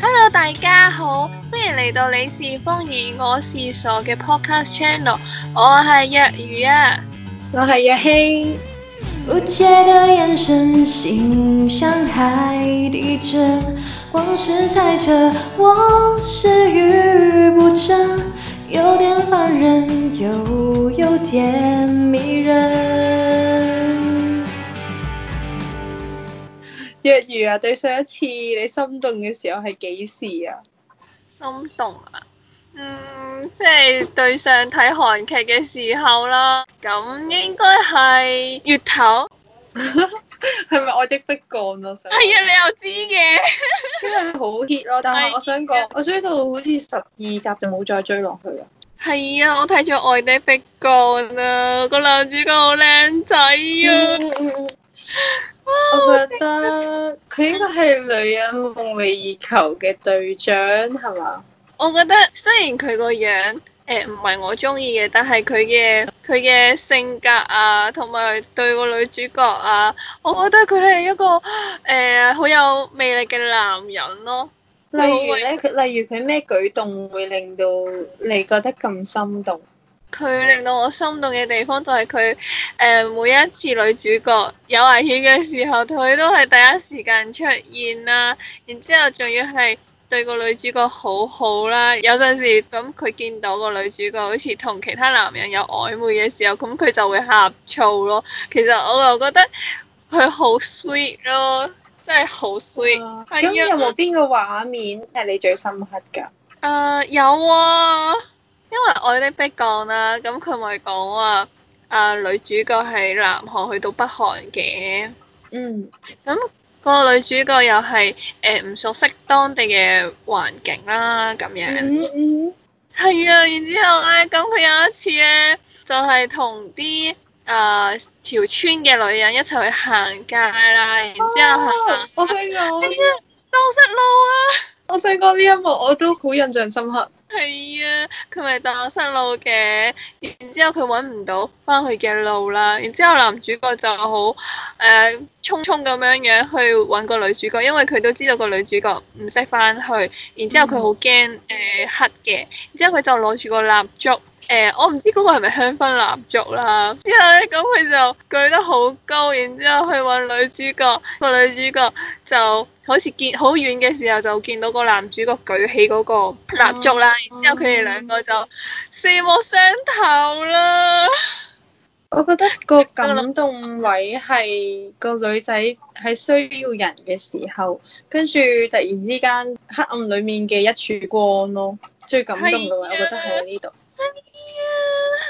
Hello，大家好，歡迎嚟到你是風雨，我是傻嘅 Podcast Channel，我係若如啊，我係若曦。若如啊！對上一次你心動嘅時候係幾時啊？心動啊？嗯，即係對上睇韓劇嘅時候啦。咁應該係月頭。係咪 《愛的迫降》啊？係啊，你又知嘅。因為好 hit 咯，但係我想講，我追到好似十二集就冇再追落去啦。係啊，我睇咗《愛的迫降》啊，個男主角好靚仔啊！ 哦、我覺得佢應該係女人夢寐以求嘅隊長，係嘛？我覺得雖然佢個樣誒唔係我中意嘅，但係佢嘅佢嘅性格啊，同埋對個女主角啊，我覺得佢係一個誒好、呃、有魅力嘅男人咯。例如咧，佢例如佢咩舉動會令到你覺得咁心動？佢令到我心動嘅地方就係佢誒，每一次女主角有危險嘅時候，佢都係第一時間出現啦。然之後仲要係對個女主角好好啦。有陣時咁佢、嗯、見到個女主角好似同其他男人有曖昧嘅時候，咁、嗯、佢就會呷醋咯。其實我又覺得佢好 sweet 咯，真係好 sweet。咁、嗯、有冇邊個畫面係你最深刻噶？誒、呃，有啊。因為《愛的迫降》啦、啊，咁佢咪講話啊，女主角係南韓去到北韓嘅。嗯，咁個女主角又係誒唔熟悉當地嘅環境啦，咁樣，嗯係啊，然之後咧，咁佢有一次咧就係同啲啊條村嘅女人一齊去行街啦，然之後行、啊、我睇過，點啊、唔識路啊，我睇過呢一幕，我都好印象深刻。 係啊，佢咪蕩失路嘅，然之後佢揾唔到翻去嘅路啦，然之後男主角就好誒匆匆咁樣樣去揾個女主角，因為佢都知道個女主角唔識翻去，然之後佢好驚誒黑嘅，然之後佢就攞住個蠟燭。誒、欸，我唔知嗰個係咪香薰蠟燭啦。之後咧，咁佢就舉得好高，然之後去搵女主角，那個女主角就好似見好遠嘅時候就見到個男主角舉起嗰個蠟燭啦。嗯、然之後佢哋兩個就、嗯、四目相投啦。我覺得個感動位係個女仔喺需要人嘅時候，跟住突然之間黑暗裏面嘅一束光咯，最感動嘅位的，我覺得係喺呢度。係啊，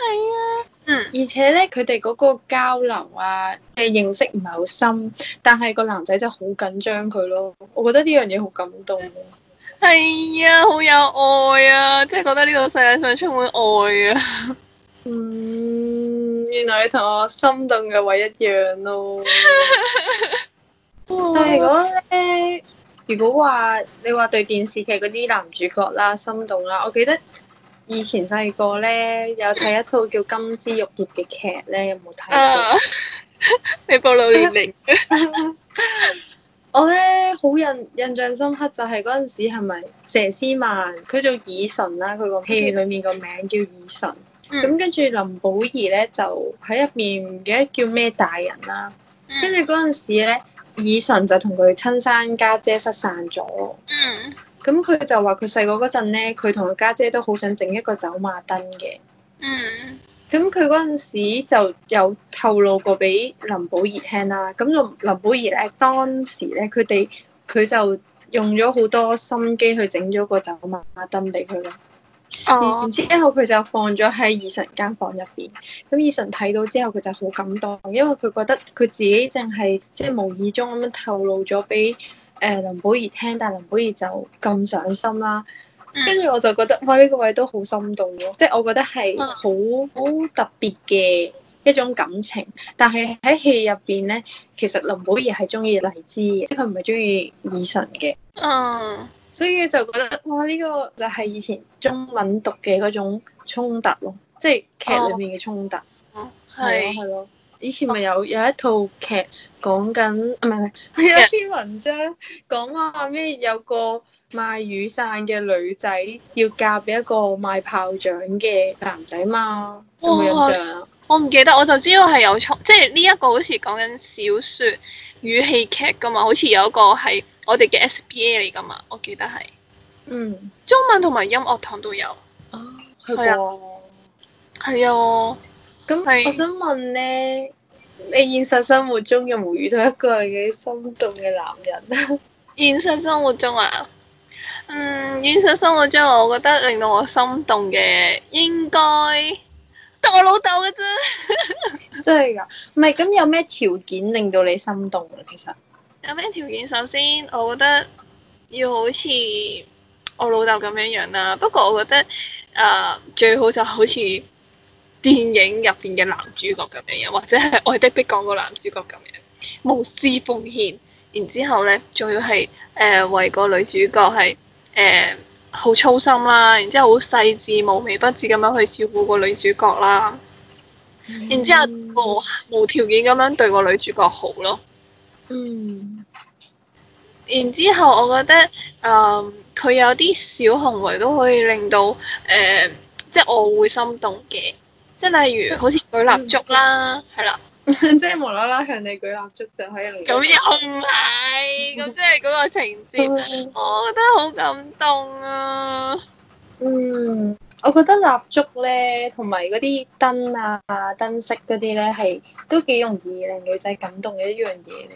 係啊。嗯，而且咧，佢哋嗰個交流啊，嘅認識唔係好深，但係個男仔真係好緊張佢咯。我覺得呢樣嘢好感動啊。係啊，好有愛啊，即係覺得呢個世界上充滿愛啊。嗯，原來你同我心動嘅位一樣咯。 但係如果咧，如果話你話對電視劇嗰啲男主角啦心動啦，我記得。以前細個咧，有睇一套叫金《金枝慾孽》嘅劇咧，有冇睇？你暴露老年齡 我呢。我咧好印印象深刻就是是、嗯，就係嗰陣時係咪佘詩曼佢做以純啦？佢個戲裡面個名叫以純。咁跟住林保怡咧就喺入面唔記得叫咩大人啦。跟住嗰陣時咧，以純就同佢親生家姐，姐失散咗。嗯。咁佢就話佢細個嗰陣咧，佢同佢家姐都好想整一個走馬燈嘅。嗯。咁佢嗰陣時就有透露過俾林寶儀聽啦。咁林林寶儀咧，當時咧，佢哋佢就用咗好多心機去整咗個走馬燈俾佢咯。哦。然之後佢就放咗喺以晨間房入邊。咁以晨睇到之後，佢就好感動，因為佢覺得佢自己淨係即係無意中咁樣透露咗俾。誒、呃、林保怡聽，但係林保怡就咁上心啦、啊。跟住我就覺得，哇！呢、這個位都好深度喎，即係我覺得係好好特別嘅一種感情。但係喺戲入邊咧，其實林保怡係中意黎姿嘅，即佢唔係中意爾淳嘅。嗯，所以就覺得哇！呢、這個就係以前中文讀嘅嗰種衝突咯，即係、哦、劇裏面嘅衝突。係係咯。以前咪有有一套劇講緊，唔係唔係，係有 篇文章講話咩？有個賣雨傘嘅女仔要嫁俾一個賣炮仗嘅男仔嘛？哇有冇印象啊？我唔記得，我就知道係有錯，即係呢一個好似講緊小說、語氣劇噶嘛？好似有一個係我哋嘅 SBA 嚟噶嘛？我記得係，嗯，中文同埋音樂堂都有啊，係啊，係啊，咁我想問咧。你現實生活中有冇遇到一個幾心動嘅男人啊？ 現實生活中啊，嗯，現實生活中我覺得令到我心動嘅應該得我老豆嘅啫。真係噶？唔係咁，有咩條件令到你心動啊？其實有咩條件？首先，我覺得要好似我老豆咁樣樣啦。不過我覺得誒、呃，最好就好似。電影入邊嘅男主角咁樣樣，或者係《愛的迫降》個男主角咁樣無私奉獻。然之後咧，仲要係誒、呃、為個女主角係誒好操心啦，然之後好細緻、無微不至咁樣去照顧個女主角啦。嗯、然之後無無條件咁樣對個女主角好咯。嗯。然之後我覺得誒，佢、呃、有啲小行為都可以令到誒、呃，即係我會心動嘅。即係例如，好似舉蠟燭啦，係啦，嗯， 即係無啦啦向你舉蠟燭，就喺度。咁又唔係，咁即係嗰個情節，我覺得好感動啊。嗯，我覺得蠟燭咧，同埋嗰啲燈啊、燈飾嗰啲咧，係都幾容易令女仔感動嘅一樣嘢嚟。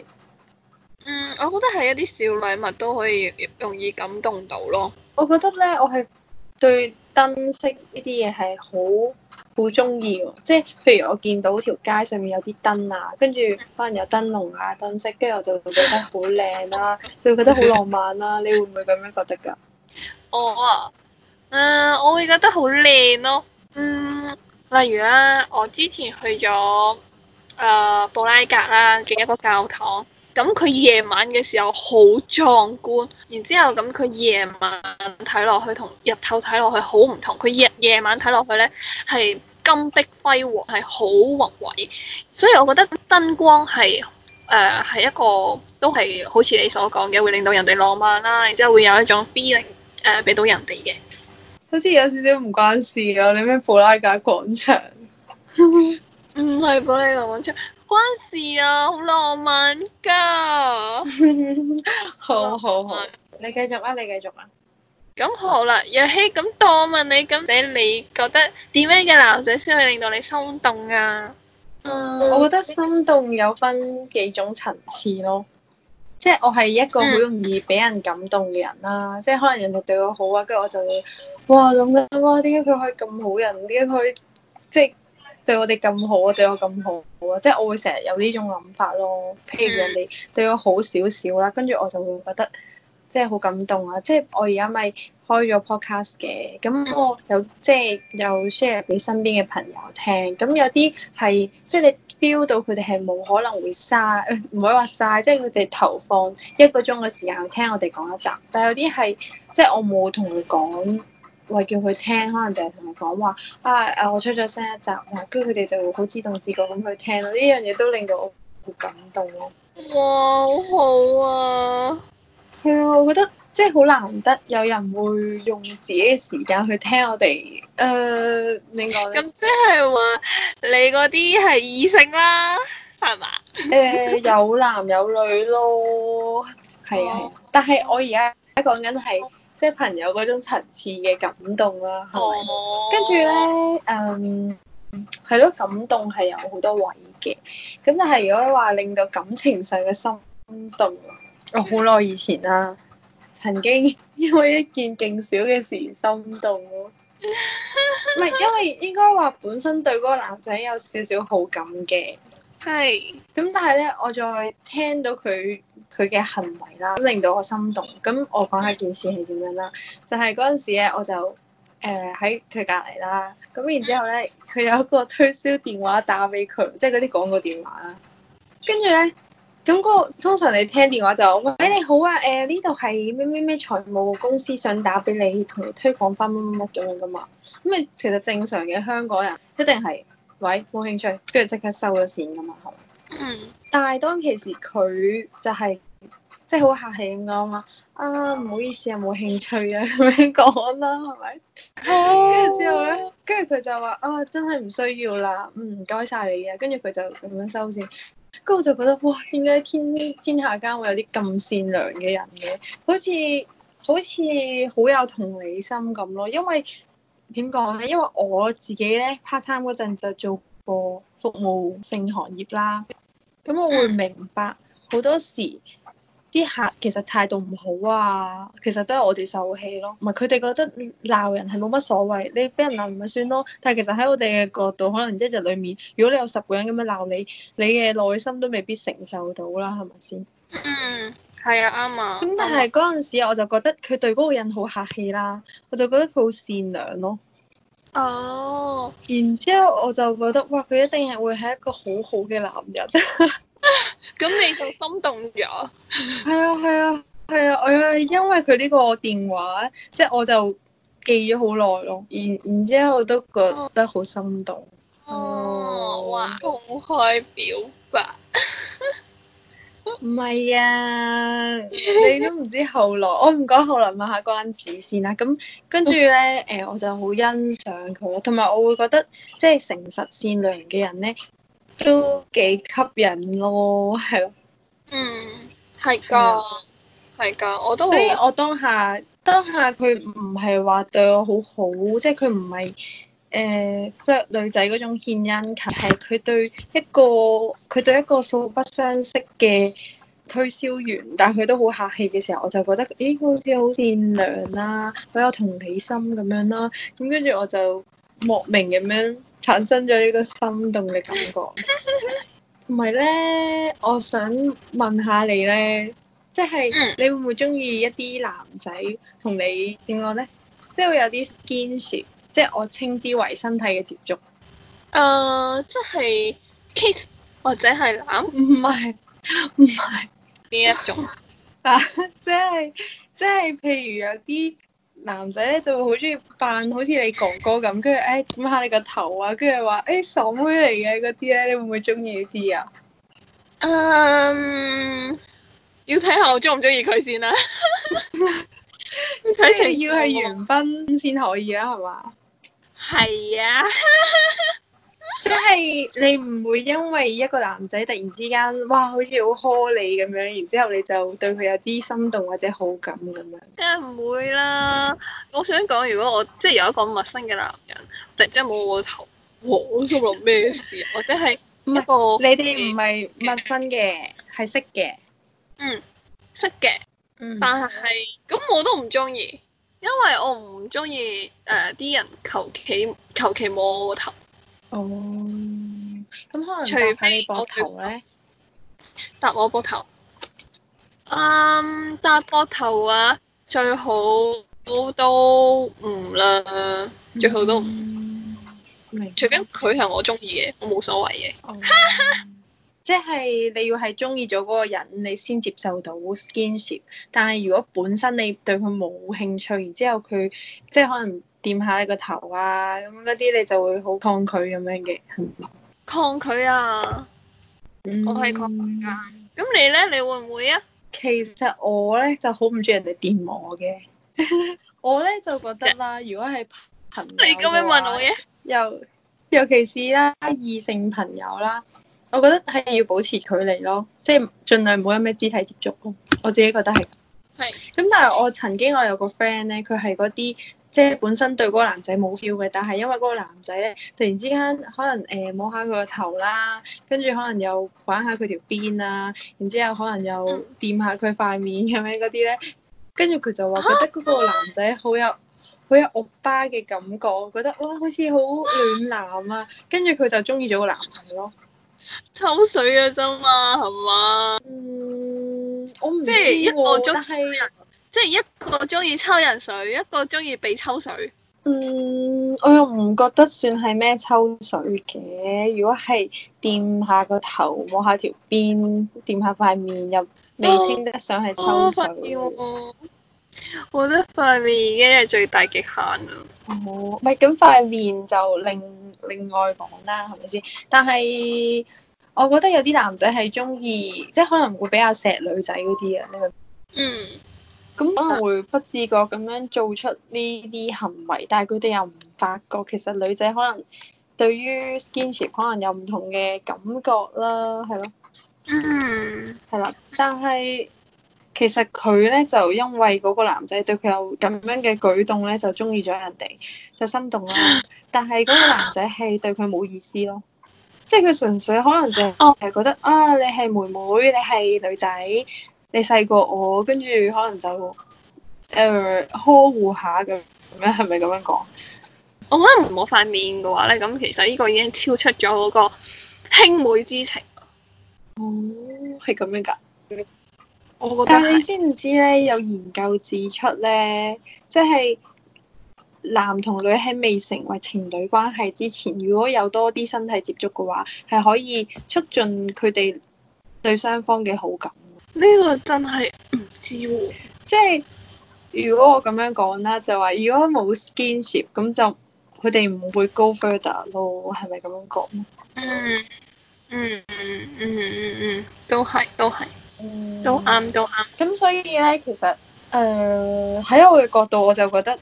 嗯，我覺得係一啲小禮物都可以容易感動到咯。我覺得咧，我係對燈飾呢啲嘢係好。好中意喎，即係譬如我見到條街上面有啲燈啊，跟住可能有燈籠啊燈飾，跟住我就覺得好靚啦，就會覺得好浪漫啦。 你會唔會咁樣覺得噶？我、哦、啊，嗯、呃，我會覺得好靚咯。嗯，例如啦、啊，我之前去咗誒、呃、布拉格啦嘅一個教堂。咁佢夜晚嘅時候好壯觀，然之後咁佢夜晚睇落去同日頭睇落去好唔同。佢夜夜晚睇落去呢，係金碧輝煌，係好宏偉。所以我覺得燈光係誒係一個都係好似你所講嘅，會令到人哋浪漫啦，然之後會有一種 feel 誒俾到人哋嘅。好似有少少唔關事啊！你咩布拉格廣場？唔 係 布拉格廣場。關事啊，好浪漫㗎！ 好好好、嗯，你繼續啊，你繼續啊。咁好啦，若曦，咁當問你，咁你你覺得點樣嘅男仔先可以令到你心動啊？嗯，我覺得心動有分幾種層次咯。即係我係一個好容易俾人感動嘅人啦、啊。嗯、即係可能人哋對我好啊，跟住我就會哇諗緊，哇點解佢可以咁好人？點解佢即係？對我哋咁好啊，對我咁好啊，即係我會成日有呢種諗法咯。譬如人哋對我好少少啦，跟住我就會覺得即係好感動啊！即係我而家咪開咗 podcast 嘅，咁我有即係有 share 俾身邊嘅朋友聽，咁有啲係即係你 feel 到佢哋係冇可能會嘥，唔會話嘥，即係佢哋投放一個鐘嘅時，時間聽我哋講一集，但係有啲係即係我冇同佢講。喂，叫佢聽，可能就係同佢講話啊啊！我出咗新一集，跟住佢哋就會好自動自覺咁去聽咯。呢樣嘢都令到我好感動咯。哇，好好啊！係啊、嗯，我覺得即係好難得有人會用自己嘅時間去聽我哋。誒、呃，點講咁即係話你嗰啲係異性啦，係嘛？誒、 呃，有男有女咯。係啊哇，但係我而家講緊係。即係朋友嗰種層次嘅感動啦，係咪？跟住咧，嗯，係咯，感動係有好多位嘅。咁但係如果話令到感情上嘅心動，我好耐以前啦，曾經因為一件勁少嘅事心動咯。唔係， 因為應該話本身對嗰個男仔有少少好感嘅。係。咁但係咧，我再聽到佢。佢嘅行為啦，咁令到我心動。咁我講下件事係點樣啦，就係嗰陣時咧，我就誒喺佢隔離啦。咁、呃、然之後咧，佢有一個推銷電話打俾佢，即係嗰啲廣告電話啦。跟住咧，咁、那、嗰個通常你聽電話就喂，你好啊，誒呢度係咩咩咩財務公司想打俾你，同你推廣翻乜乜乜咁樣噶嘛。咁你其實正常嘅香港人一定係，喂冇興趣，跟住即刻收咗線噶嘛，係嘛？嗯。但係當其時佢就係即係好客氣咁講啊，唔好意思啊，冇興趣啊咁樣講啦、啊，係咪？跟住、哦、之後咧，跟住佢就話啊，真係唔需要啦，嗯，唔該晒你啊。跟住佢就咁樣收線。跟我就覺得哇，點解天天下間會有啲咁善良嘅人嘅？好似好似好有同理心咁咯。因為點講咧？因為我自己咧 part time 嗰陣就做過服務性行業啦。咁、嗯、我會明白好多時啲客其實態度唔好啊，其實都係我哋受氣咯，唔係佢哋覺得鬧人係冇乜所謂，你俾人鬧咪算咯。但係其實喺我哋嘅角度，可能一日裏面，如果你有十個人咁樣鬧你，你嘅內心都未必承受到啦，係咪先？嗯，係啊，啱啊。咁但係嗰陣時我就覺得佢對嗰個人好客氣啦，我就覺得佢好善良咯。哦，然之後我就覺得，哇！佢一定係會係一個好好嘅男人。咁、 啊、你就心動咗？係啊係啊係啊！我、啊啊啊啊啊、因為佢呢個電話，即係我就記咗好耐咯。然然之後我都覺得好心動。哦，哦哇！公開表白。 唔係啊，你都唔知後來，我唔講後來，問下關子先啦。咁跟住咧，誒、呃，我就好欣賞佢咯，同埋我會覺得即係誠實善良嘅人咧，都幾吸引咯，係咯。嗯，係噶，係噶，我都。所以我當下當下佢唔係話對我好好，即係佢唔係。誒、uh, 女仔嗰種獻殷勤係佢對一個佢對一個素不相識嘅推銷員，但佢都好客氣嘅時候，我就覺得，咦、欸，好似好善良啦、啊，好有同理心咁樣啦、啊。咁跟住我就莫名咁樣產生咗呢個心動嘅感覺。同埋咧，我想問下你咧，即係你會唔會鍾意一啲男仔同你點講咧？即係會有啲堅持。即係我稱之為身體嘅接觸。誒，uh, 即係 kiss 或者係攬，唔係唔係呢一種啊？ 即係即係，譬如有啲男仔咧就會好中意扮好似你哥哥咁，跟住誒點下你個頭啊，跟住話誒傻妹嚟嘅嗰啲咧，你會唔會中意啲啊？嗯 要睇下我中唔中意佢先啦。即係要係緣分先可以啊，係嘛？係是啊， 即係你唔會因為一個男仔突然之間，哇，好似好呵你咁樣，然之後你就對佢有啲心動或者好感咁樣。梗係唔會啦！ 我想講，如果我即係有一個陌生嘅男人，突然之間摸我頭，我做乜嘢事？或者係一個你哋唔係陌生嘅，係 識嘅，嗯，識嘅，嗯，但係咁我都唔中意。因為我唔中意誒啲人求其求其摸我個頭。哦，咁可能你除非我摸頭咧，搭我膊頭。嗯，搭膊頭啊，最好都唔啦，最好都唔。Mm hmm. 除非佢係我中意嘅，我冇所謂嘅。Oh. 即係你要係中意咗嗰個人，你先接受到 skinship。但係如果本身你對佢冇興趣，然之後佢即係可能掂下你個頭啊，咁嗰啲你就會好抗拒咁樣嘅。抗拒啊！我係抗拒。咁、嗯、你咧，你會唔會啊？其實我咧就好唔中意人哋掂我嘅。 我咧就覺得啦，如果係朋友，你咁樣問我嘅，尤尤其是啦，異性朋友啦。我覺得係要保持距離咯，即係盡量唔好有咩肢體接觸咯。我自己覺得係。係是。咁但係我曾經我有個 friend 咧，佢係嗰啲即係本身對嗰個男仔冇 feel 嘅，但係因為嗰個男仔咧突然之間可能誒、呃、摸下佢個頭啦，跟住可能又玩下佢條辮啊，然之後可能又掂下佢塊面咁樣嗰啲咧，跟住佢就話覺得嗰個男仔、啊、好有好有歐巴嘅感覺，覺得哇好似好暖男啊，跟住佢就中意咗個男仔咯。抽水嘅啫嘛，係嘛？嗯、我唔知即係一個中，但係即係一個中意抽人水，一個中意俾抽水。嗯，我又唔覺得算係咩抽水嘅。如果係掂下個頭，摸下條邊，掂下塊面又未稱得上係抽水、哦啊。我覺得塊面已經係最大極限啦。哦，咪咁塊面就另另外講啦，係咪先？但係。我覺得有啲男仔係中意，即係可能會比較錫女仔嗰啲啊，呢個，嗯，咁可能會不自覺咁樣做出呢啲行為，但係佢哋又唔發覺，其實女仔可能對於 skinship 可能有唔同嘅感覺啦，係咯，嗯，係啦，但係其實佢咧就因為嗰個男仔對佢有咁樣嘅舉動咧，就中意咗人哋，就心動啦，但係嗰個男仔係對佢冇意思咯。即係佢純粹可能就係覺得、oh. 啊，你係妹妹，你係女仔，你細過我，跟住可能就誒、呃、呵護下咁樣，係咪咁樣講？我覺得唔好塊面嘅話咧，咁其實呢個已經超出咗嗰個兄妹之情。哦、oh，係咁樣噶。我覺得但係你知唔知咧？有研究指出咧，即係。男同女喺未成為情侶關係之前，如果有多啲身體接觸嘅話，係可以促進佢哋對雙方嘅好感。呢個真係唔知喎。即係如果我咁樣講啦，就話如果冇 skinship，咁就佢哋唔會 go further 咯。係咪咁樣講咧、嗯？嗯嗯嗯嗯嗯嗯，都係都係，都啱、嗯、都啱。咁、嗯、所以咧，其實誒喺、呃、我嘅角度，我就覺得。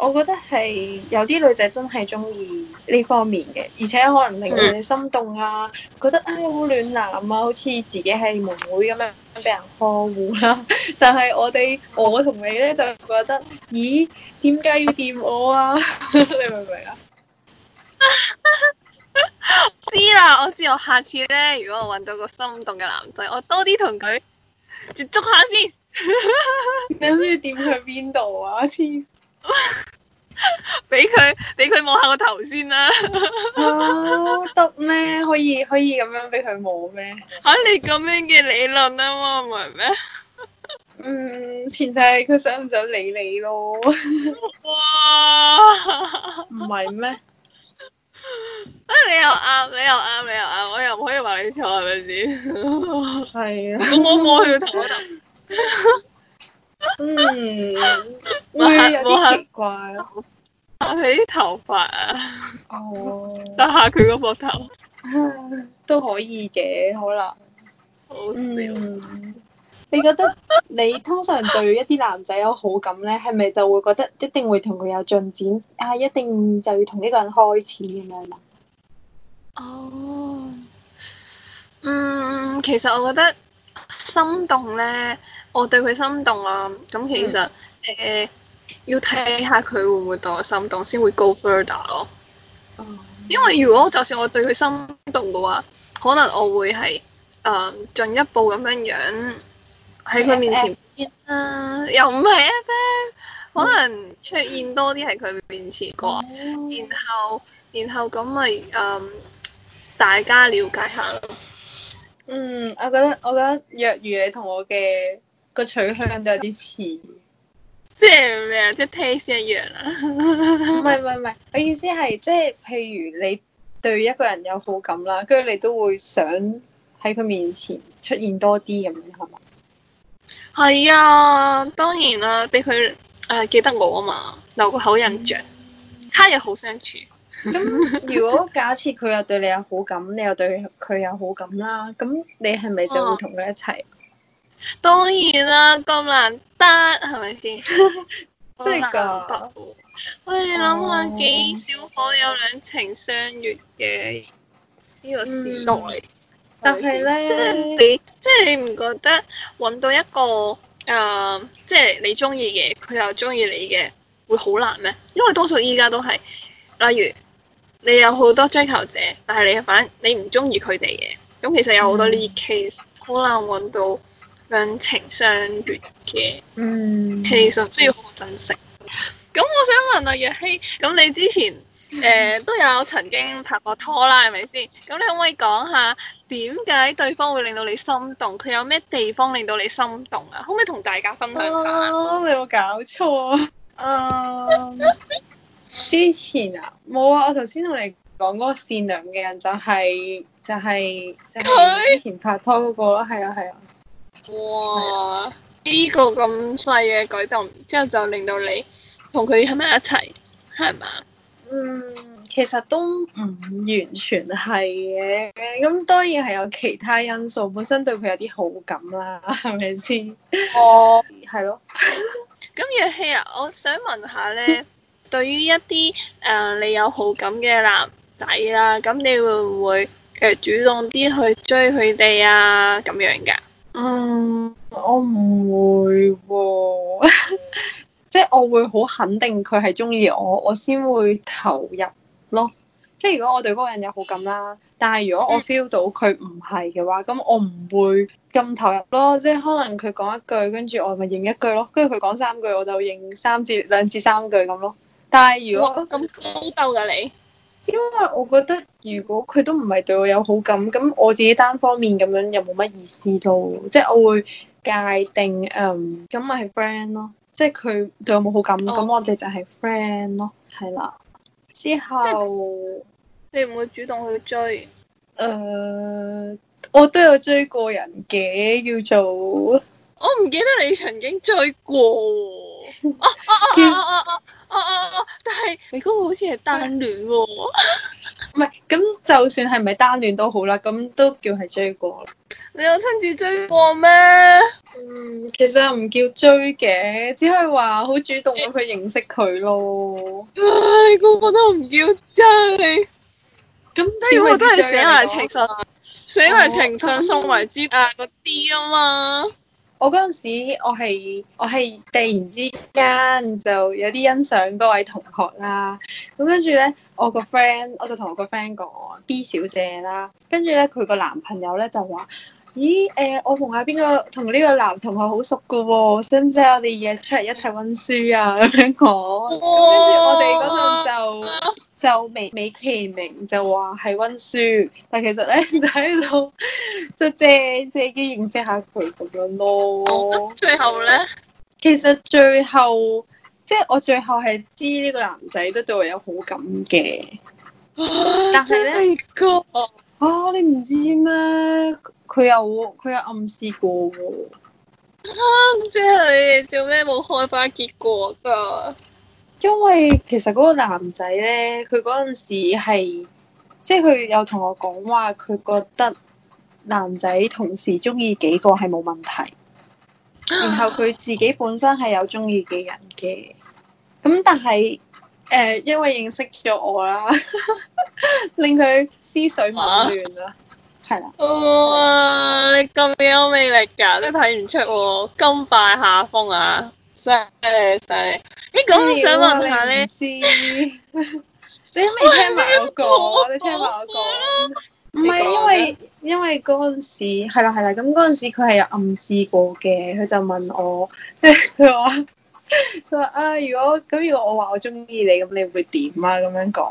我覺得係有啲女仔真係中意呢方面嘅，而且可能令到你心動啊，嗯、覺得啊好暖男啊，好似自己係妹妹咁樣俾人呵護啦。但係我哋我同你咧就覺得，咦點解要掂我啊？ 你明唔明啊？ 知啦，我知。我下次咧，如果我搵到個心動嘅男仔，我多啲同佢接觸下先。你諗住掂佢邊度啊？黐線！俾佢俾佢摸下個頭先啦，好得咩？可以可以咁樣俾佢摸咩？吓，你咁樣嘅理論啊嘛，唔係咩？嗯，前提係佢想唔想理你咯。哇！唔係咩？啊！你又啱，你又啱，你又啱，我又唔可以話你錯，係咪先？係啊。我摸佢個頭嗰度。嗯，會、哎、有啲奇怪咯。打下啲頭髮啊，哦，打下佢個膊頭，都可以嘅，好啦。好笑、嗯。你覺得你通常對一啲男仔有好感咧，係咪 就會覺得一定會同佢有進展啊？一定就要同呢個人開始咁樣啊？是是哦，嗯，其實我覺得心動咧。我對佢心動啊，咁其實誒、mm. 呃、要睇下佢會唔會對我心動，先會 go further 咯。Mm. 因為如果就算我對佢心動嘅話，可能我會係誒進一步咁樣樣喺佢面前變啊。Mm. 又唔係咧，可能出現多啲喺佢面前啩、mm.，然後然後咁咪誒大家了解下咯。嗯，mm. 我覺得我覺得若如你同我嘅。個取向都有啲似，即係咩啊？即係 taste 一樣啊？唔係唔係唔係，我意思係即係，譬如你對一個人有好感啦，跟住你都會想喺佢面前出現多啲咁樣，係咪？係啊，當然啦，俾佢誒記得我啊嘛，留個口印象，嗯、佢又好相處。咁 如果假設佢又對你有好感，你又對佢有好感啦，咁你係咪就會同佢一齊？嗯當然啦，咁難得係咪先？ 得真係咁得喎！喂，你諗下，幾少可以有兩情相悅嘅、嗯、呢個時代？但係咧，即係你，即係你唔覺得搵到一個誒、呃、即係你中意嘅，佢又中意你嘅，會好難咩？因為多數依家都係，例如你有好多追求者，但係你反你唔中意佢哋嘅，咁其實有好多呢啲 case，好、嗯、難搵到。兩情相悅嘅，嗯，其實都要好好珍惜。咁、嗯、 我想問阿若曦，咁希你之前誒、 呃、都有曾經拍過拖啦，係咪先？咁你可唔可以講下點解對方會令到你心動？佢有咩地方令到你心動啊？可唔可以同大家分享下、啊？你有冇搞錯啊？ 之前啊，冇啊！我頭先同你講嗰個善良嘅人就係、係、就係、係、就係、係就係就係、之前拍拖嗰、嗰個咯，係啊係啊。哇！呢、這個咁細嘅舉動，之後就令到你同佢喺埋一齊，係嘛？嗯，其實都唔完全係嘅。咁當然係有其他因素，本身對佢有啲好感啦、啊，係咪先？哦，係咯 的。咁若曦啊，我想問下咧， 對於一啲誒、呃、你有好感嘅男仔啦、啊，咁你會唔會誒、呃、主動啲去追佢哋啊？咁樣㗎？嗯，我唔會喎、啊， 即係我會好肯定佢係中意我，我先會投入咯。即係如果我對嗰個人有好感啦，但係如果我 feel 到佢唔係嘅話，咁我唔會咁投入咯。即係可能佢講一句，跟住我咪應一句咯。跟住佢講三句，我就應三至兩至三句咁咯。但係如果咁高斗噶、啊、你？因為我覺得如果佢都唔係對我有好感，咁我自己單方面咁樣又冇乜意思到，即係我會界定誒，咁咪係 friend 咯。即係佢對我冇好感，咁、哦、我哋就係 friend 咯，係啦。之後你唔會主動去追？誒、呃，我都有追過人嘅，叫做，我唔記得你曾經追過。哦哦哦！但係你嗰個好似係單戀喎、哦的，唔係咁就算係唔係單戀都好啦，咁都叫係追過啦。你有親自追過咩？嗯，其實唔叫追嘅，只係話好主動去認識佢咯。唉、哎，個個都唔叫追，咁果我真係寫埋情信，寫埋、哦、情信送埋豬啊個 D 啊嘛！我嗰陣時我，我係我係突然之間就有啲欣賞嗰位同學啦。咁跟住咧，我個 friend 我就同我個 friend 講 B 小姐啦。跟住咧，佢個男朋友咧就話：咦誒、呃，我同下邊個同呢個男同學好熟噶喎、哦，使唔使我哋約出嚟一齊温書啊？咁樣講。咁跟住我哋嗰陣就。就美美其名就話係温書，但其實咧就喺度就借借機認識下佢咁樣咯。最後咧，其實最後即係我最後係知呢個男仔都對我有好感嘅，真係噶啊！你唔知咩？佢又佢又暗示過喎。咁之後你哋做咩冇開花結果㗎？因為其實嗰個男仔咧，佢嗰陣時係，即係佢有同我講話，佢覺得男仔同時中意幾個係冇問題，然後佢自己本身係有中意嘅人嘅，咁但係誒、呃，因為認識咗我啦， 令佢思緒麻亂思緒紊亂啦，係啦、啊。的哇！你咁有魅力㗎、啊，都睇唔出喎，甘拜下風啊！真係犀利！咦，咁我 想問下咧，你知 你未聽埋我講？ 你聽埋我講，唔係 因為因為嗰陣時係啦係啦，咁嗰陣時佢係有暗示過嘅，佢就問我，佢話佢話啊，如果咁如果我話我中意你，咁你會點啊？咁樣講，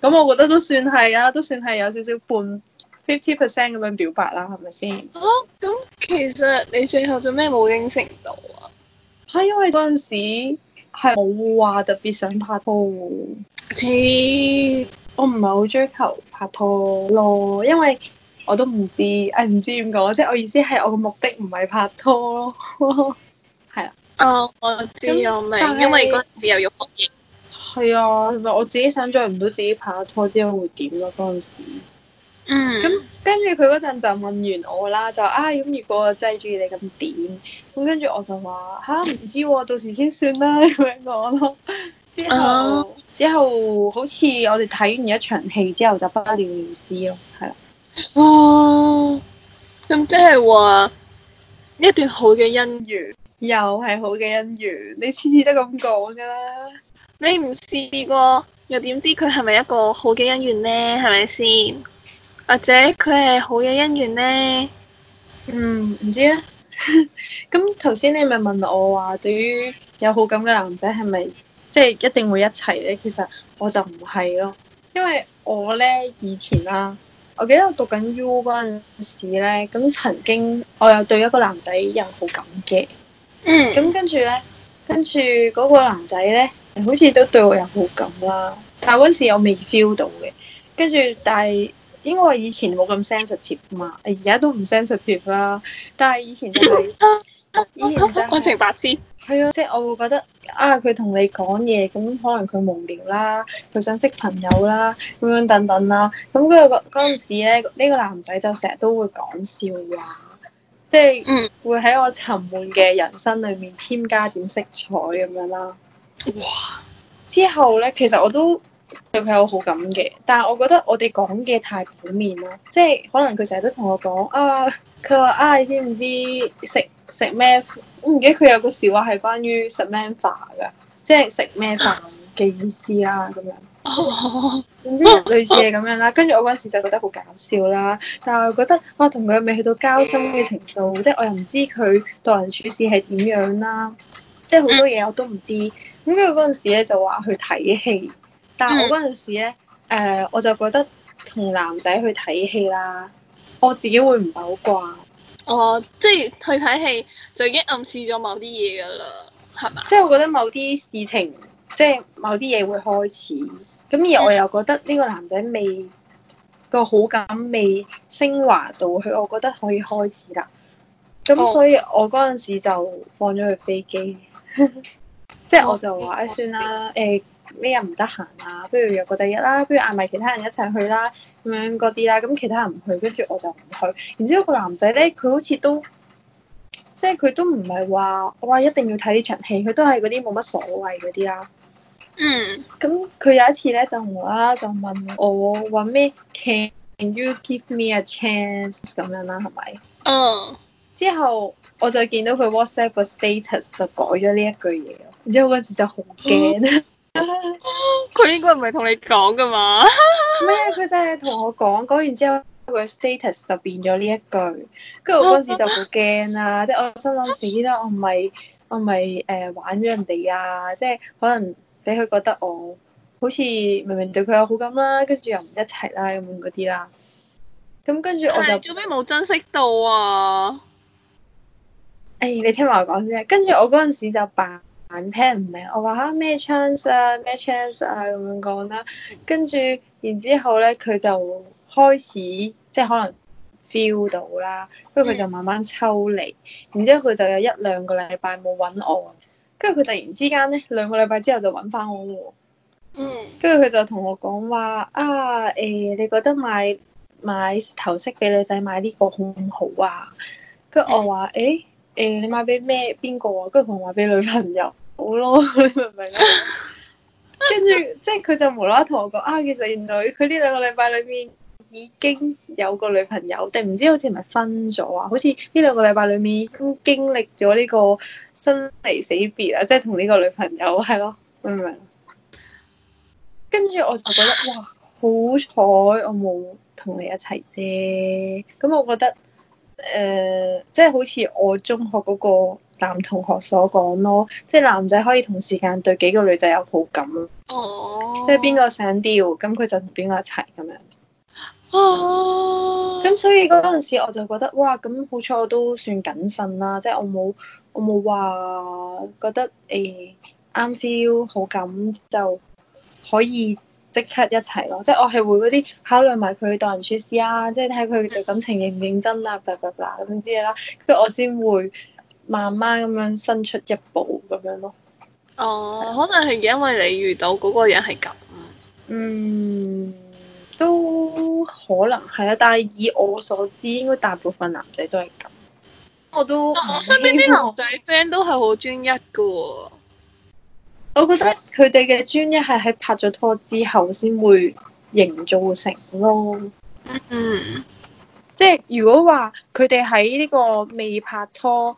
咁我覺得都算係啊，都算係有少少半 fifty percent 咁樣表白啦，係咪先？哦，咁其實你最後做咩冇應承到啊？係因為嗰陣時係冇話特別想拍拖，我唔係好追求拍拖咯，因為我都唔知誒唔、哎、知點講，即係我意思係我嘅目的唔係拍拖咯，係 啊的。哦，我知但我明，因為嗰陣時又要學嘢，係啊，我自己想做想像唔到自己拍拖之後會點咯嗰陣時。嗯，咁跟住佢嗰陣就問完我啦，就啊咁，如果我制住你咁點？咁跟住我就話吓，唔、啊、知喎、啊，到時先算啦，咁樣講咯。之後、哦、之後好似我哋睇完一場戲之後就不了了之咯，係啦。哦，咁即係話一段好嘅姻緣又係好嘅姻緣，你次次都咁講㗎啦。你唔試過又點知佢係咪一個好嘅姻緣呢？係咪先？或者佢係好嘅姻緣呢？嗯，唔知咧。咁頭先你咪問我話，對於有好感嘅男仔係咪即係一定會一齊呢？其實我就唔係咯，因為我呢以前啦，我記得我讀緊 U 嗰陣時呢，咁曾經我又對一個男仔有好感嘅，咁、嗯、跟住呢，跟住嗰個男仔呢，好似都對我有好感啦，但係嗰陣時我未 feel 到嘅，跟住但係。因為我以前冇咁 sensitive 嘛，而家都唔 sensitive 啦。但係以前就係，以前真係愛情白痴。係啊，即係我會覺得啊，佢同你講嘢，咁可能佢無聊啦，佢想識朋友啦，咁樣等等啦。咁佢嗰陣時咧，呢個男仔就成日都會講笑話，即係會喺我沉悶嘅人生裏面添加點色彩咁樣啦。哇！之後咧，其實我都。對佢有好感嘅，但係我覺得我哋講嘅太表面咯，即係可能佢成日都同我講啊，佢話啊，你知唔知食食咩？我唔記得佢有個笑話係關於食咩 e n 噶，即係食咩飯嘅意思啦，啊，咁樣。哦， 總之類似係咁樣啦。跟住我嗰時就覺得好搞笑啦，但係覺得我同佢未去到交心嘅程度，即係我又唔知佢待人處事係點樣啦，即係好多嘢我都唔知。咁跟住嗰陣時咧就話去睇戲。但係我嗰陣時咧，誒、嗯呃、我就覺得同男仔去睇戲啦，我自己會唔係好慣。哦，即係去睇戲就已經暗示咗某啲嘢噶啦，係嘛？即係我覺得某啲事情，即係某啲嘢會開始。咁而我又覺得呢個男仔未個好感未升華到去，我覺得可以開始啦。咁所以，我嗰陣時就放咗佢飛機， 即係我就話誒、哎、算啦，誒、欸。咩啊唔得閒啊，不如約個第一啦，不如嗌埋其他人一齊去啦，咁樣嗰啲啦，咁其他人唔去，跟住我就唔去。然之後個男仔咧，佢好似都即係佢都唔係話哇一定要睇呢場戲，佢都係嗰啲冇乜所謂嗰啲啦。嗯，咁佢有一次咧就無啦啦就問我話咩，Can you give me a chance？咁樣啦係咪？嗯。Uh. 之後我就見到佢 WhatsApp 個 status 就改咗呢一句嘢，然之後嗰時就好驚。應該唔係同你講噶嘛？咩？ 佢真係同我講，講完之後佢個 status 就變咗呢一句，跟住我嗰陣時就好驚啦！即係 我心諗死啦，我唔係我唔係誒玩咗人哋啊！即係可能俾佢覺得我好似明明對佢有好感啦，跟住又唔一齊啦咁嗰啲啦。咁跟住我就做咩冇珍惜到啊？誒，你聽埋我講先。跟住我嗰陣時就扮。難聽唔明，我話吓咩 chance 啊，咩 chance 啊咁、啊、樣講啦、啊，跟住然後之後咧，佢就開始即係可能 feel 到啦，跟住佢就慢慢抽離，然之後佢就有一兩個禮拜冇揾我，跟住佢突然之間咧，兩個禮拜之後就揾翻我，嗯，跟住佢就同我講話啊，誒、欸，你覺得買買頭飾俾女仔買呢個好唔好啊？跟住我話誒，誒、欸欸，你買俾咩邊個啊？跟住佢話俾女朋友。好咯，你明唔明啊？跟住即係佢就無啦啦同我講啊，其實原來佢呢兩個禮拜裏面已經有個女朋友，定唔知好似咪分咗啊？好似呢兩個禮拜裏面已經經歷咗呢個生離死別啊！即係同呢個女朋友係咯，明唔明？跟住我就覺得哇，好彩我冇同你一齊啫。咁我覺得誒、呃，即係好似我中學嗰、那個。男同學所講咯，即係男仔可以同時間對幾個女仔有好感咯，oh. 即係邊個想吊，咁佢就同邊個一齊咁樣。哦，咁所以嗰陣時我就覺得哇，咁好彩我都算謹慎啦，即係我冇我冇話覺得誒啱 feel 好感就可以即刻一齊咯，即係我係會嗰啲考慮埋佢待人處事啊，即係睇下佢對感情認唔認真啊，blah 之類啦，跟住、 啊、我先會。慢慢咁樣伸出一步咁樣咯。哦，可能係因為你遇到嗰個人係咁。嗯，都可能係啊，但係以我所知，應該大部分男仔都係咁。我都、哦、我身邊啲男仔 friend 都係好專一噶。我覺得佢哋嘅專一係喺拍咗拖之後先會營造成咯。嗯，嗯，即係如果話佢哋喺呢個未拍拖。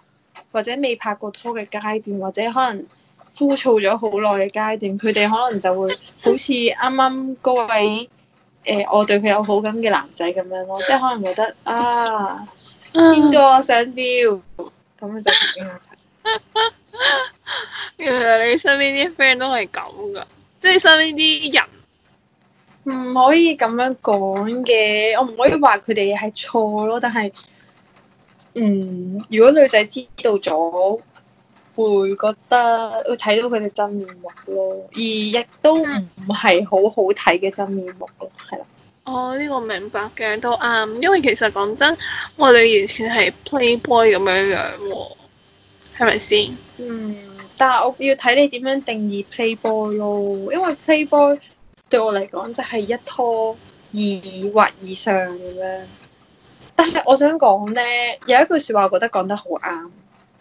或者未拍過拖嘅階段，或者可能枯燥咗好耐嘅階段，佢哋可能就會好似啱啱嗰位誒、呃，我對佢有好感嘅男仔咁樣咯，即係可能覺得啊，邊個上吊咁樣就 原來你身邊啲 friend 都係咁噶，即係身邊啲人唔可以咁樣講嘅，我唔可以話佢哋係錯咯，但係。嗯，如果女仔知道咗，會覺得會睇到佢哋真面目咯，而亦都唔係好好睇嘅真面目咯，係咯。哦，呢、這個明白嘅都啱、嗯，因為其實講真，我哋完全係 playboy 咁樣樣喎，係咪先？嗯，但係我要睇你點樣定義 playboy 咯，因為 playboy 對我嚟講就係一拖二或以上咁樣。但係我想講咧，有一句說話，我覺得講得好啱，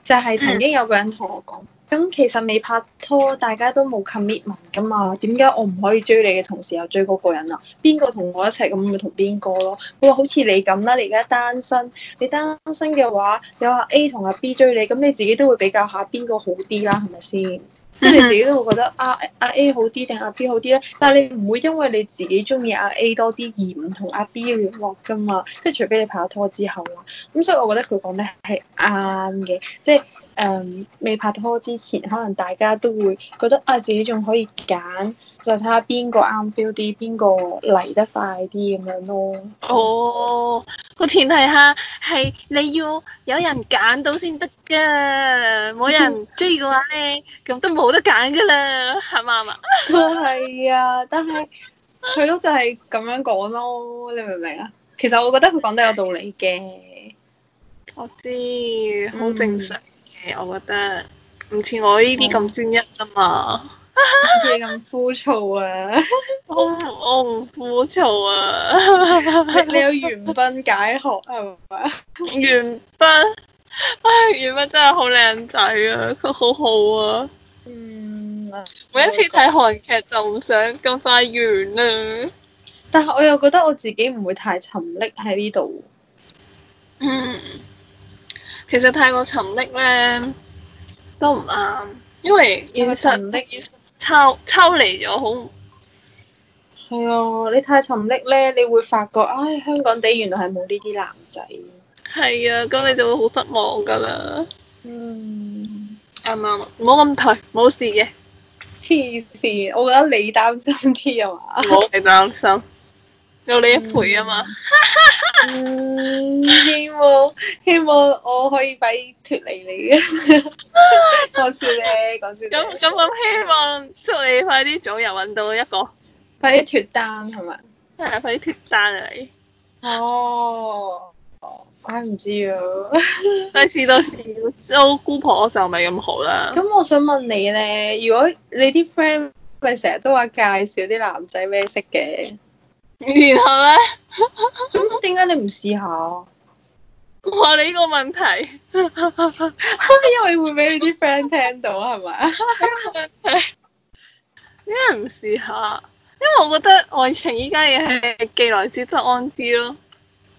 就係、是、曾經有個人同我講，咁、嗯、其實未拍拖，大家都冇 commitment 噶嘛，點解我唔可以追你嘅同時又追嗰個人啊？邊個同我一齊，咁咪同邊個咯？佢話好似你咁啦，你而家單身，你單身嘅話，有阿 A 同阿 B 追你，咁你自己都會比較下邊個好啲啦，係咪先？ 即係你自己都會覺得啊啊 A, A 好啲定阿 B 好啲咧，但係你唔會因為你自己鍾意阿 A 多啲而唔同阿、啊、B 聯絡㗎嘛，即係除非你拍拖之後啦。咁、嗯、所以我覺得佢講得係啱嘅，即係。誒，未、嗯、拍拖之前，可能大家都會覺得啊，自己仲可以揀，就睇下邊個啱 feel 啲，邊個嚟得快啲咁樣咯。哦，個前提下係你要有人揀到先 得噶，冇人中意嘅話咧，咁 都冇得揀噶啦，係咪啊？都係啊，但係，係咯，就係咁樣講咯，你明唔明啊？其實我覺得佢講得有道理嘅。 我知，好、嗯、正常。我覺得唔似我呢啲咁專一㗎嘛，唔似你咁枯燥啊！我唔我唔枯燥啊！你你有元彬解渴係咪啊？元彬， 唉， 元、哎、彬真係好靚仔啊，佢好好啊！嗯，每一次睇韓劇就唔想咁快完啊！ 但係我又覺得我自己唔會太沉溺喺呢度。嗯。其實太過沉溺咧，都唔啱，因為現實沉溺抽抽離咗好。係啊，你太沉溺咧，你會發覺，唉，香港地原來係冇呢啲男仔。係啊，咁你就會好失望㗎啦。嗯，啱啱、嗯，唔好咁睇，冇事嘅。黐線，我覺得你擔心啲啊嘛。好，你擔心。有你一倍啊嘛、嗯！希望希望我可以快啲脫離你啊！講笑咧，講笑。咁咁咁，希望祝你快啲早日揾到一個，快啲脫單係嘛？係啊、嗯，快啲脫單啊你！哦，我、哎、唔知啊。第時到時做姑婆就咪咁好啦。咁我想問你咧，如果你啲 friend 咪成日都話介紹啲男仔咩識嘅？然後咧，咁點解你唔試下我話你呢個問題，因為會俾你啲 friend 聽到係咪？點解唔試下？因為我覺得愛情依家嘢係既來之則安之咯，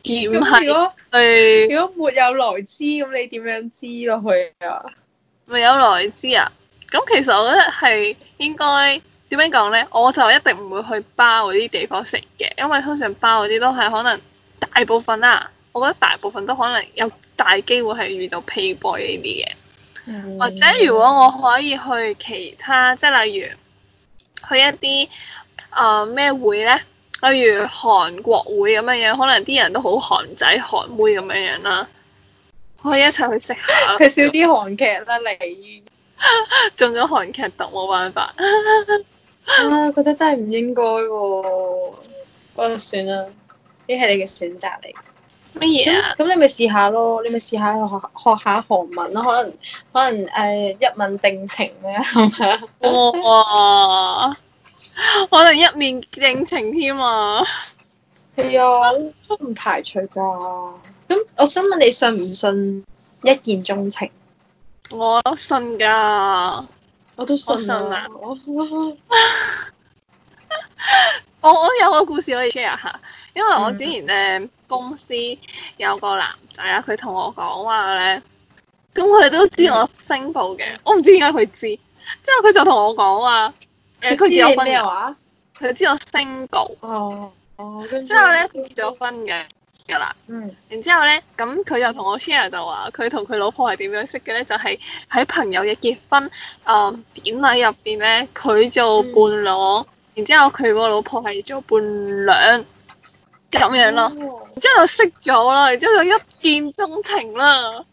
點係？如果是如果沒有來之，咁 你點樣知落去啊？未有來之啊？咁其實我覺得係應該。點樣講呢？我就一定唔會去包嗰啲地方食嘅，因為通常包嗰啲都係可能大部分啦、啊。我覺得大部分都可能有大機會係遇到皮 boy 呢啲嘢，嗯、或者如果我可以去其他，即係例如去一啲誒咩會呢，例如韓國會咁嘅樣，可能啲人都好韓仔韓妹咁樣樣啦，可以一齊去食下。睇少啲韓劇啦、啊，你 中咗韓劇毒冇辦法。 啊，覺得真係唔應該喎、哦，嗰算啦，呢係你嘅選擇嚟。乜嘢啊？咁你咪試下咯，你咪試下學學下韓文咯，可能可能誒一吻定情嘅啊？哇！可能、哎、一，一面定情添啊！係 啊，都唔排除㗎。咁我想問你信唔信一見鐘情？我信㗎。我都信啦，我 我，我有個故事可以 share 下，因為我之前咧、嗯、公司有個男仔啊，佢同我講話咧，咁佢哋都知我 single 嘅，我唔知點解佢知，之後佢就同我講話，誒佢知我分嘅，佢就知我 single 哦，哦之後咧佢結咗婚嘅。噶啦，嗯，然之後咧，咁佢就同我 share 就話，佢同佢老婆係點樣識嘅咧，就係、是、喺朋友嘅結婚，誒、呃，嗯、典禮入邊咧，佢做伴郎，嗯、然之後佢個老婆係做伴娘，咁樣咯，之、嗯、後就識咗啦，之後就一見鍾情啦，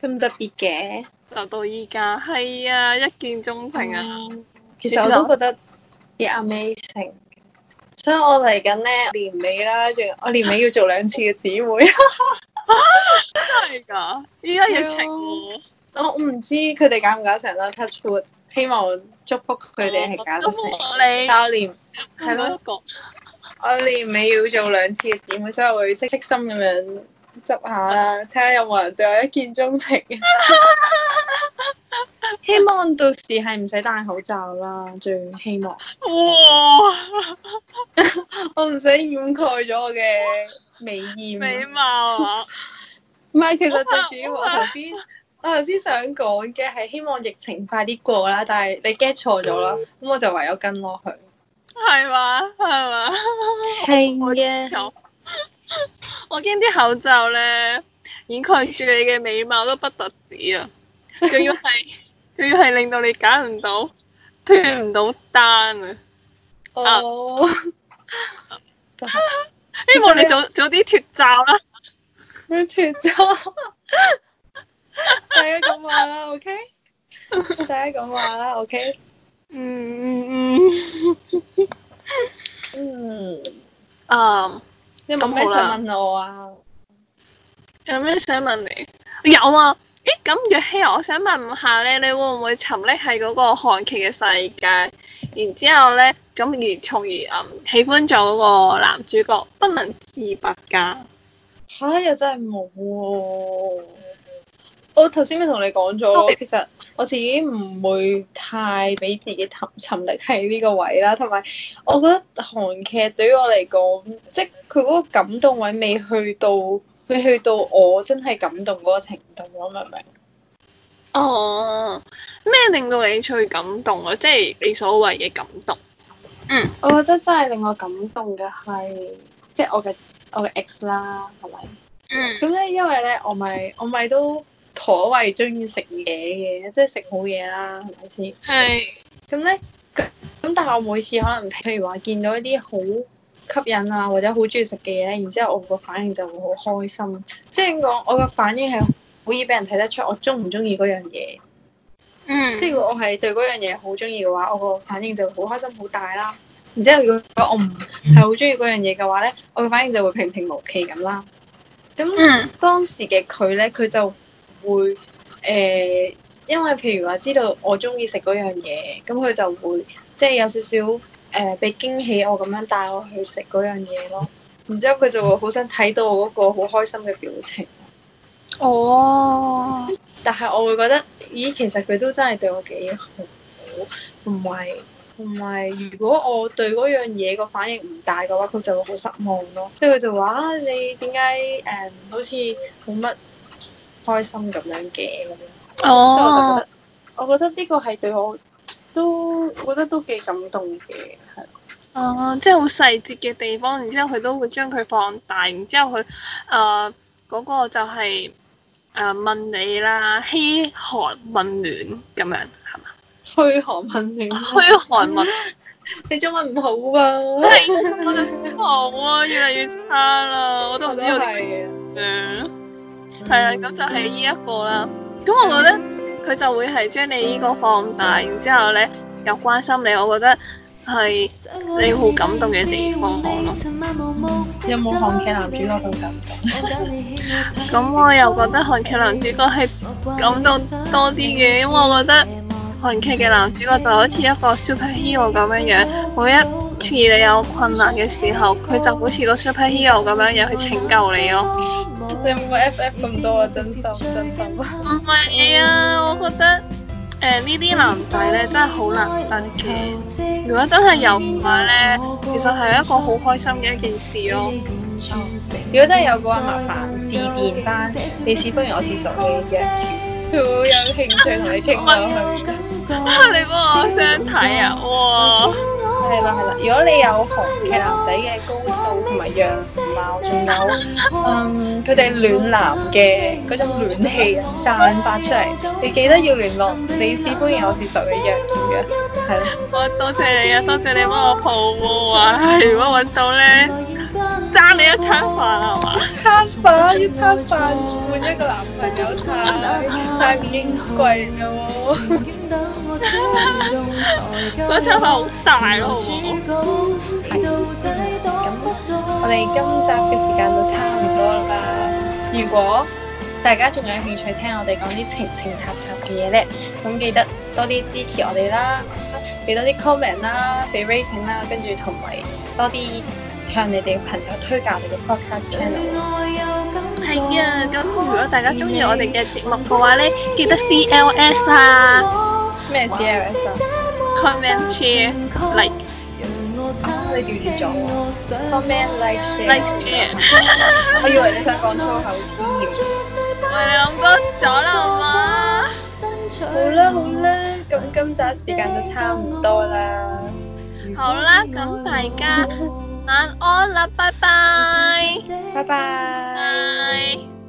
咁特別嘅，留到依家，係啊，一見鍾情啊、嗯，其實我都覺得 amazing。所以我嚟緊咧年尾啦，仲我年尾要做兩次嘅姊妹， 真係噶！依家疫情我，yeah, 我我唔知佢哋搞唔搞成啦。Touchwood，希望祝福佢哋係搞得成。哦、我，你我年係咯，我年尾要做兩次嘅姊妹，所以我會悉悉心咁樣。執下啦，睇下有冇人對我一見鍾情。 希望到時係唔使戴口罩啦，最希望。哇！ 我唔使掩蓋咗我嘅美豔。美貌。唔係，其實最主要我， 我頭先我頭先想講嘅係希望疫情快啲過啦。但係你 get 錯咗啦，咁我就唯有跟落去。係嘛？係嘛？係我 嘅。 我驚啲口罩咧，掩蓋住你嘅美貌都不特止啊，仲要係仲 要係令到你揀唔到脫唔到單啊！哦，oh. 希望你早 早啲脱罩啦， 要脫罩，大家咁話啦，OK，大家咁話啦，OK，嗯嗯嗯嗯啊。有咩想問我啊？有咩想問你、啊？有啊！誒，咁若曦，我想問下咧，你會唔會沉溺喺嗰個韓劇嘅世界？然之後咧，咁而從而嗯，喜歡咗嗰個男主角，不能自拔㗎。係、哎、啊，真係冇。我頭先咪同你講咗，其實我自己唔會太俾自己沉沉溺喺呢個位啦。同埋我覺得韓劇對於我嚟講，即係佢嗰個感動位未去到，佢去到我真係感動嗰個程度，我明唔明？哦，咩令到你最感動啊？即係你所謂嘅感動。嗯，我覺得真係令我感動嘅係，即係我嘅我嘅 ex 啦，係咪？嗯。咁咧，因為咧，我咪我咪都。可謂中意食嘢嘅，即係食好嘢啦，係咪先？係咁咧，咁但係我每次可能，譬如話見到一啲好吸引啊，或者好中意食嘅嘢咧，然之後我個反應就會好開心。即係點講？我個反應係好易俾人睇得出我喜喜，我中唔中意嗰樣嘢。嗯。即係如果我係對嗰樣嘢好中意嘅話，我個反應就好開心、好大啦。然之後如果我唔係好中意嗰樣嘢嘅話咧，我個反應就會平平無奇咁啦。咁當時嘅佢咧，佢就。會誒、呃，因為譬如話知道我中意食嗰樣嘢，咁佢就會即係有少少誒俾驚喜我咁樣，帶我去食嗰樣嘢咯。然之後佢就會好想睇到我嗰個好開心嘅表情。哦！Oh. 但係我會覺得，咦，其實佢都真係對我幾好。同埋，同埋，如果我對嗰樣嘢個反應唔大嘅話，佢就會好失望咯。即係佢就話、啊，你點解誒好似冇乜？開心咁樣嘅，咁、oh. 我就覺得，我覺得呢個係對我都，我覺得都幾感動嘅，係。哦，oh, 即係好細節嘅地方，然之後佢都會將佢放大，然之後佢，誒、呃，嗰、那個就係、是，誒、呃，問你啦，噓寒問暖咁樣，係嘛？噓寒問暖、啊。噓寒問， 你中文唔好喎、啊。唔、 哎、好啊，越嚟越差啦，我都唔知道。嗯。係啊，咁就係呢一個啦。咁我覺得佢就會係將你呢個放大，然後之後咧，又關心你。我覺得係你好感動嘅地方咯、嗯。有冇韓劇男主角咁感動？咁 我又覺得韓劇男主角係感動多啲嘅，因為我覺得韓劇嘅男主角就好似一個 superhero 咁樣樣，每一次你有困難嘅時候，佢就好似個 superhero 咁樣樣去拯救你咯。你有冇唔會 FF 咁多啊，真心真心。唔係啊，我覺得誒、呃、呢啲男仔咧真係好難得嘅。Yeah. 如果真係有嘅咧，其實係一個好開心嘅一件事咯、哦。Yeah. oh, 如果真係有嘅話，麻煩致電翻，你似不如我四十嘅。好有興趣同你傾落去。嚇！ 你幫我相睇啊！哇！係啦係啦，如果你有紅嘅男仔嘅高度同埋樣貌，仲有嗯佢哋暖男嘅嗰種暖氣啊散發出嚟，你記得要聯絡。你是孤兒，我是十里弱魚啊，係咯。我多 謝，謝你啊，多謝，謝你幫我抱喎。係，如果揾到咧～爭你一餐飯係嘛？一餐飯，一餐飯換一個男朋友，餐太唔矜貴嘅喎。嗰餐飯好大咯。咁、哎、我哋今集嘅時間就差唔多啦。如果大家仲有興趣聽我哋講啲情情塔塔嘅嘢咧，咁記得多啲支持我哋啦，俾多啲 comment 啦，俾 rating 啦，跟住同埋多啲。向你哋嘅朋友推介我哋嘅 Podcast Channel。係啊，咁如果大家中意我哋嘅節目嘅話咧，記得 CLS 啊，咩 CLS 啊，Comment share like，我哋做啲 job。Comment like share，我以為你想講粗口添，我哋兩個左流啊！好啦好啦，咁今集時間就差唔多啦。好啦，咁大家。晚安啦，拜拜，拜拜。拜拜。